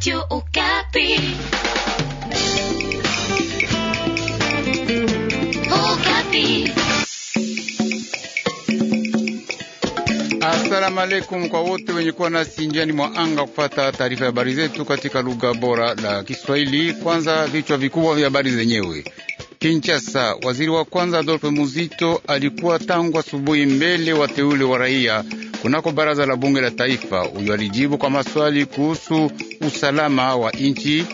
Radio Okapi. Okapi. Asalamu alaykum kwa wote wenye kuwa nasi njiani mwa anga kupata taarifa ya habari zetu katika lugha bora la Kiswahili. Kwanza vichwa vikubwa vya habari zenyewe. Kinshasa, waziri wa kwanza Adolphe Muzito alikuwa tangu asubuhi mbele wateule wa raia kunako baraza la bunge la taifa. Huyo alijibu kwa maswali kuhusu usalama wa nchi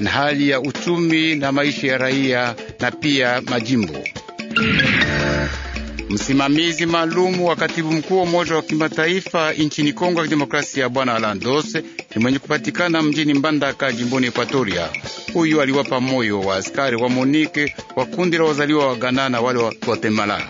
na hali ya uchumi na maisha ya raia na pia majimbo msimamizi maalumu wa katibu mkuu wa Umoja wa Kimataifa nchini Kongo ya Kidemokrasia, Bwana Dose ni mwenye kupatikana mjini Mbandaka, jimboni Ekuatoria. Huyu aliwapa moyo wa askari wa Monike wa kundi la wazaliwa wa Ghana na wale wa Guatemala.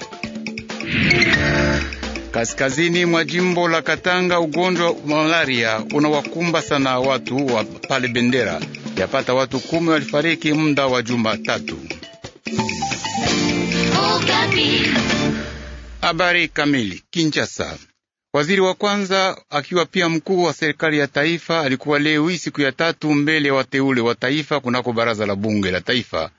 Kaskazini mwa jimbo la Katanga, ugonjwa wa malaria unawakumba sana watu wa pale Bendera. Yapata watu kumi walifariki muda wa juma tatu. Oh, Habari kamili. Kinshasa, waziri wa kwanza akiwa pia mkuu wa serikali ya taifa alikuwa leo hii siku ya tatu mbele ya wateule wa taifa kunako baraza la bunge la taifa.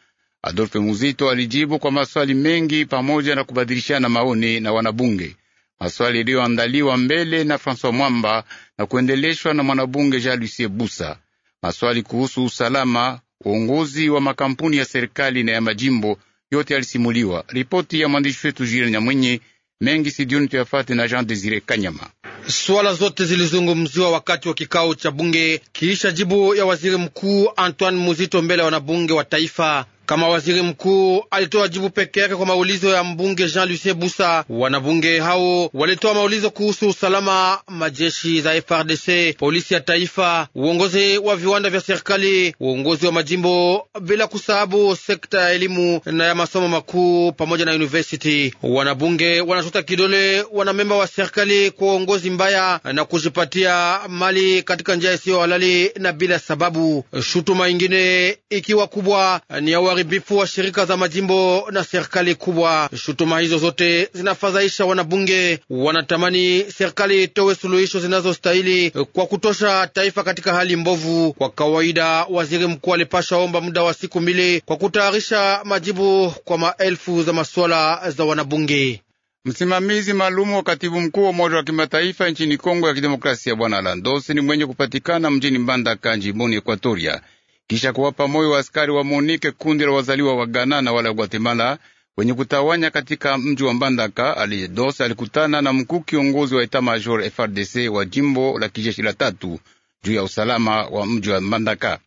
Adolphe Muzito alijibu kwa maswali mengi pamoja na kubadilishana maoni na wanabunge, maswali yaliyoandaliwa mbele na Francois Mwamba na kuendeleshwa na mwanabunge Jean Lucie Busa, maswali kuhusu usalama, uongozi wa makampuni ya serikali na ya majimbo yote yalisimuliwa. Ripoti ya mwandishi wetu Jile Nyamwinyi mengi sidioni tuyafate na Jean Desire Kanyama. Swala zote zilizungumziwa wakati wa kikao cha bunge kiisha jibu ya waziri mkuu Antoine Muzito mbele ya wanabunge wa taifa. Kama waziri mkuu alitoa jibu peke yake kwa maulizo ya mbunge Jean Lucien Busa. Wanabunge hao walitoa maulizo kuhusu usalama, majeshi za FRDC, polisi ya taifa, uongozi wa viwanda vya serikali, uongozi wa majimbo, bila kusahabu sekta ya elimu na ya masomo makuu pamoja na university. Wanabunge wanashota kidole wanamemba wa serikali kwa uongozi mbaya na kujipatia mali katika njia isiyo halali na bila sababu. Shutuma ingine ikiwa kubwa ni uharibifu wa shirika za majimbo na serikali kubwa. Shutuma hizo zote zinafadhaisha wanabunge, wanatamani serikali itowe suluhisho zinazostahili kwa kutosha taifa katika hali mbovu. Kwa kawaida, waziri mkuu alipasha omba muda wa siku mbili kwa kutayarisha majibu kwa maelfu za masuala za wanabunge. Msimamizi maalumu wa katibu mkuu wa Umoja wa Kimataifa nchini Kongo ya Kidemokrasia, Bwana Alandosi, ni mwenye kupatikana mjini Mbandaka, jimboni ekuatoria kisha kuwapa moyo wa askari wa Monike, kundi la wazaliwa wa Ghana na wa Guatemala wenye kutawanya katika mji wa Mbandaka. Aliyedos alikutana na mkuu kiongozi wa eta major FRDC wa jimbo la kijeshi la tatu juu ya usalama wa mji wa Mbandaka.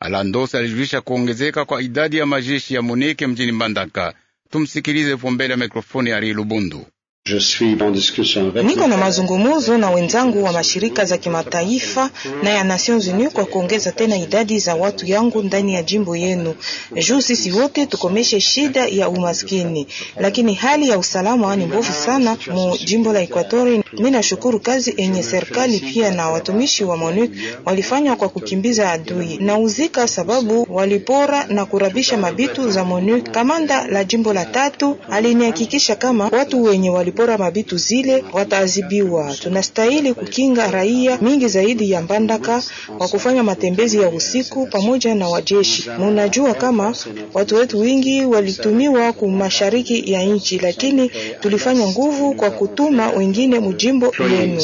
Alandos alijulisha kuongezeka kwa idadi ya majeshi ya Monike mjini Mbandaka. Tumsikilize mbele ya mikrofoni ya Ari Lubundu. Je suis en discussion avec Niko na mazungumuzo na wenzangu wa mashirika za kimataifa na ya Nations Unies kwa kuongeza tena idadi za watu yangu ndani ya jimbo yenu, juu sisi wote tukomeshe shida ya umaskini. Lakini hali ya usalama ni mbovu sana mu jimbo la Equatori. Mimi nashukuru kazi enye serikali pia na watumishi wa MONUC walifanya kwa kukimbiza adui na uzika, sababu walipora na kurabisha mabitu za MONUC. Kamanda la jimbo la tatu alinihakikisha kama watu wenye wali walipora mabitu zile wataadhibiwa. Tunastahili kukinga raia mingi zaidi ya Mbandaka kwa kufanya matembezi ya usiku pamoja na wajeshi. Munajua kama watu wetu wingi walitumiwa ku mashariki ya nchi, lakini tulifanya nguvu kwa kutuma wengine mujimbo yenu.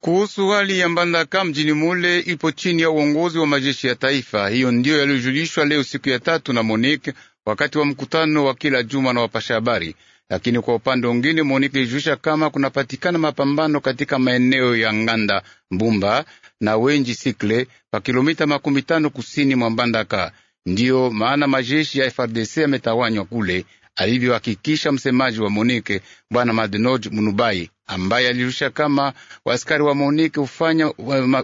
Kuhusu hali ya Mbandaka mjini mule ipo chini ya uongozi wa majeshi ya taifa. Hiyo ndiyo yaliyojulishwa leo siku ya tatu na Monique wakati wa mkutano wa kila juma na wapasha habari. Lakini kwa upande wengine, Monike lijuisha kama kunapatikana mapambano katika maeneo ya Nganda Mbumba na Wenji Sikle pa kilomita makumi tano kusini mwa Mbandaka. Ndiyo maana majeshi ya FRDC yametawanywa kule, alivyohakikisha msemaji wa Monike Bwana Madenoj Munubai, ambaye alijuisha kama waaskari wa Monike hufanya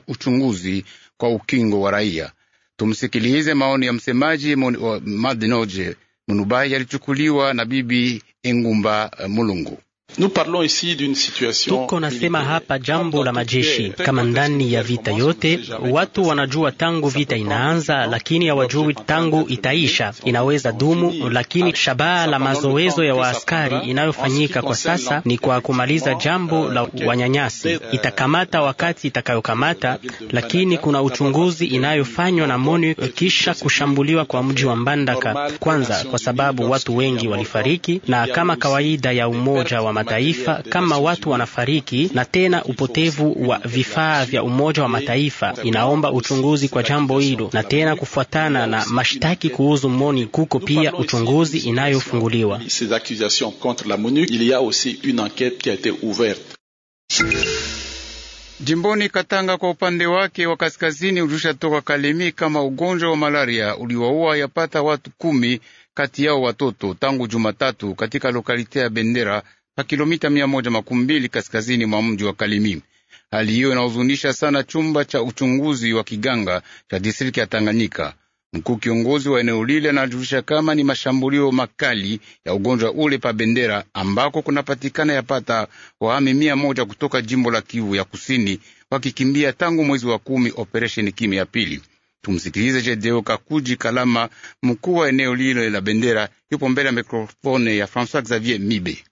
uchunguzi kwa ukingo wa raia. Tumsikilize maoni ya msemaji Madinoje Munubai yalichukuliwa na Bibi Engumba eh, Mulungu. Tuko nasema hapa jambo la majeshi kama ndani ya vita yote, watu wanajua tangu vita inaanza, lakini hawajui tangu itaisha. Inaweza dumu, lakini shabaha la mazoezo ya waaskari inayofanyika kwa sasa ni kwa kumaliza jambo euh, la wanyanyasi. Euh, Itakamata wakati itakayokamata, lakini kuna uchunguzi inayofanywa na MONUC kisha kushambuliwa kwa mji wa Mbandaka kwanza, kwa sababu watu wengi walifariki, na kama kawaida ya umoja wa Mataifa kama watu wanafariki na tena upotevu wa vifaa vya Umoja wa Mataifa inaomba uchunguzi kwa jambo hilo, na tena kufuatana na mashtaki kuhusu MONI kuko pia uchunguzi inayofunguliwa. Jimboni Katanga kwa upande wake wa kaskazini ulisha toka Kalemi kama ugonjwa wa malaria uliwaua yapata watu kumi, kati yao watoto tangu Jumatatu katika lokalite ya Bendera pa kilomita mia moja makumi mbili kaskazini mwa mji wa Kalimi. Hali hiyo inahuzunisha sana chumba cha uchunguzi wa kiganga cha distrikti ya Tanganyika. Mkuu kiongozi wa eneo lile anajulisha kama ni mashambulio makali ya ugonjwa ule pa Bendera, ambako kunapatikana yapata wahami mia moja kutoka jimbo la Kivu ya kusini wakikimbia tangu mwezi wa kumi operesheni Kimya ya pili. Tumsikilize Jedeo Kakuji Kalama, mkuu wa eneo lile la Bendera, yupo mbele ya mikrofone ya Francois Xavier Mibe.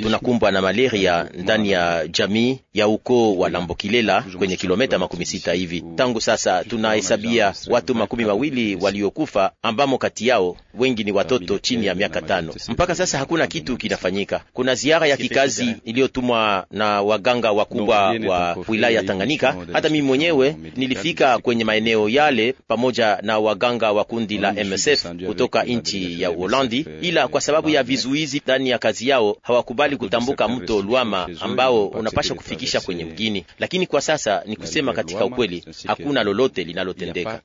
Tunakumbwa na malaria ndani ya jamii ya ukoo wa Lambokilela kwenye kilometa makumi sita hivi. Tangu sasa tunahesabia watu makumi mawili waliokufa, ambamo kati yao wengi ni watoto chini ya miaka tano. Mpaka sasa hakuna kitu kinafanyika. Kuna ziara ya kikazi iliyotumwa na waganga wakubwa wa wilaya Tanganyika. Hata mimi mwenyewe nilifika kwenye maeneo yale pamoja na waganga wa kundi la MSF kutoka nchi ya Uholandi, ila kwa sababu ya vizuizi ndani ndani ya kazi yao hawakubali kutambuka mto Luama ambao unapasha kufikisha kwenye mgini, lakini kwa sasa ni kusema katika ukweli hakuna lolote linalotendeka.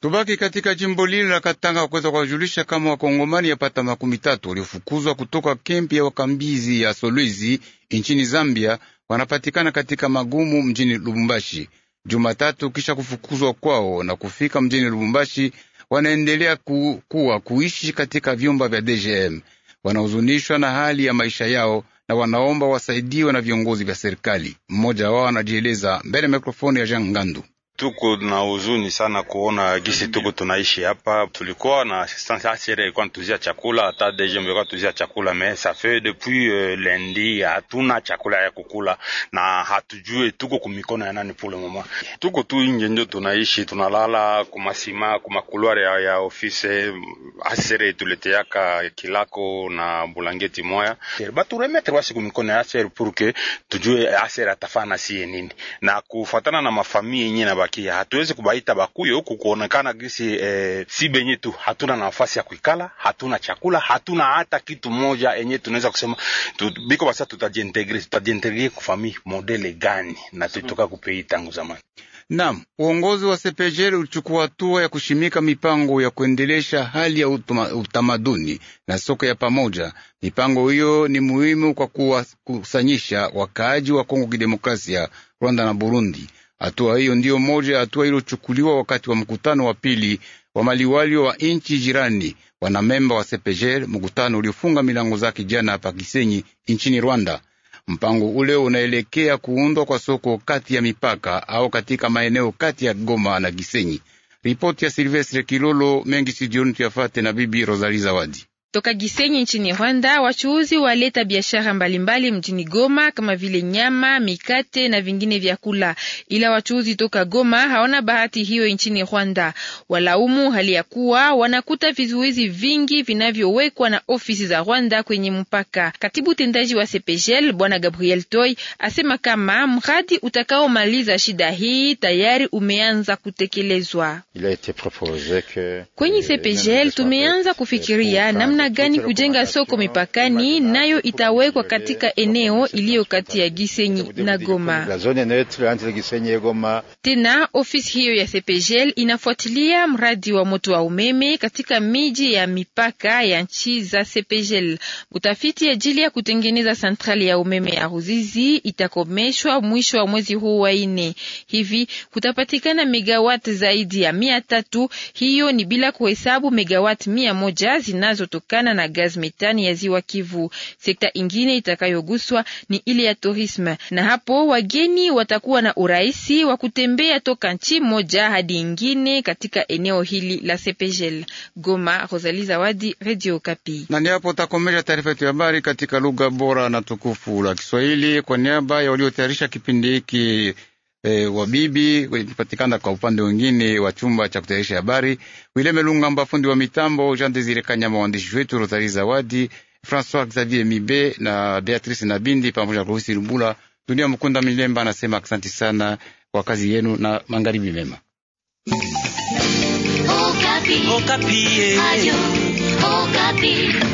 Tubaki katika jimbo lile la Katanga kuweza kuwajulisha kama wakongomani yapata makumi tatu waliofukuzwa kutoka kempi ya wakambizi ya Solwezi nchini Zambia wanapatikana katika magumu mjini Lubumbashi Jumatatu kisha kufukuzwa kwao na kufika mjini Lubumbashi wanaendelea ku, kuwa kuishi katika vyumba vya DGM. Wanahuzunishwa na hali ya maisha yao na wanaomba wasaidiwe na viongozi vya serikali. Mmoja wao anajieleza mbele ya mikrofoni ya Jean Ngandu tuko na huzuni sana kuona gisi tuko tunaishi hapa. Tulikuwa na assistance ilikuwa natuzia chakula, hata DGM mbeka tuzia chakula mais ça fait depuis euh, lundi hatuna chakula ya kukula na hatujui tuko kumikono ya nani pule mama. Tuko tu nje ndio tunaishi, tunalala kumasima kumakuluar ya, ya ofise asere tuleteaka kilako na bulangeti moya baturemetre wasi kumikono ya asere pour que tujue asere atafana sie nini, na kufatana na mafamii yenyewe na kubakia. Hatuwezi kubaita bakuyo huku kuonekana gisi e, si benye tu hatuna nafasi ya kuikala, hatuna chakula, hatuna hata kitu moja enye tunaweza kusema tu, biko basa tutajiintegre tutajiintegre kufami modele gani na tutoka kupei tangu zamani. Naam, uongozi wa Sepejeli ulichukua hatua ya kushimika mipango ya kuendelesha hali ya utuma, utamaduni na soko ya pamoja. Mipango hiyo ni muhimu kwa kuwakusanyisha wakaaji wa Kongo Kidemokrasia, Rwanda na Burundi Hatua hiyo ndiyo moja hatua iliyochukuliwa wakati wa mkutano wa pili wa maliwali wa nchi jirani wanamemba wa Sepejer, mkutano uliofunga milango zake jana hapa Kisenyi nchini Rwanda. Mpango ule unaelekea kuundwa kwa soko kati ya mipaka au katika maeneo kati ya Goma na Gisenyi. Ripoti ya Silvestre Kilolo mengi sijioni tuyafate na Bibi Rosali Zawadi. Toka Gisenyi nchini Rwanda, wachuuzi waleta biashara mbalimbali mjini Goma kama vile nyama, mikate na vingine vyakula, ila wachuuzi toka Goma hawana bahati hiyo nchini Rwanda. Walaumu hali ya kuwa wanakuta vizuizi vingi vinavyowekwa na ofisi za Rwanda kwenye mpaka. Katibu tendaji wa CPGL Bwana Gabriel Toy asema kama mradi utakaomaliza shida hii tayari umeanza kutekelezwa. Kwenye CPGL tumeanza kufikiria namna namna gani kujenga soko mipakani, nayo itawekwa katika eneo iliyo kati ya Gisenyi na Goma. Tena ofisi hiyo ya CPGL inafuatilia mradi wa moto wa umeme katika miji ya mipaka ya nchi za CPGL. Utafiti ajili ya kutengeneza santrali ya umeme ya Ruzizi itakomeshwa mwisho wa mwezi huu wa ine. Hivi kutapatikana megawati zaidi ya mia tatu. Hiyo ni bila kuhesabu megawati mia moja zinazotoka kutokana na gaz metani ya ziwa Kivu. Sekta ingine itakayoguswa ni ile ya tourisme, na hapo wageni watakuwa na urahisi wa kutembea toka nchi moja hadi ingine katika eneo hili la Sepejel. Goma, Rosalie Zawadi, Radio Kapi. Na hapo takomesha taarifa yetu ya habari katika lugha bora na tukufu la Kiswahili kwa niaba ya waliotayarisha kipindi hiki e, wabibi kupatikana kwa upande wengine wa chumba cha kutayarisha habari, Wileme Lungamba fundi wa mitambo, Jean Desire Kanyama waandishi wetu Rosari Zawadi, François Xavier Mibe na Beatrice Nabindi pamoja na Kuhusi Lumbula. Dunia Mkunda Milemba anasema asante sana kwa kazi yenu na mangaribi mema. Okapi. Okapi. Eh. Ayu, Okapi.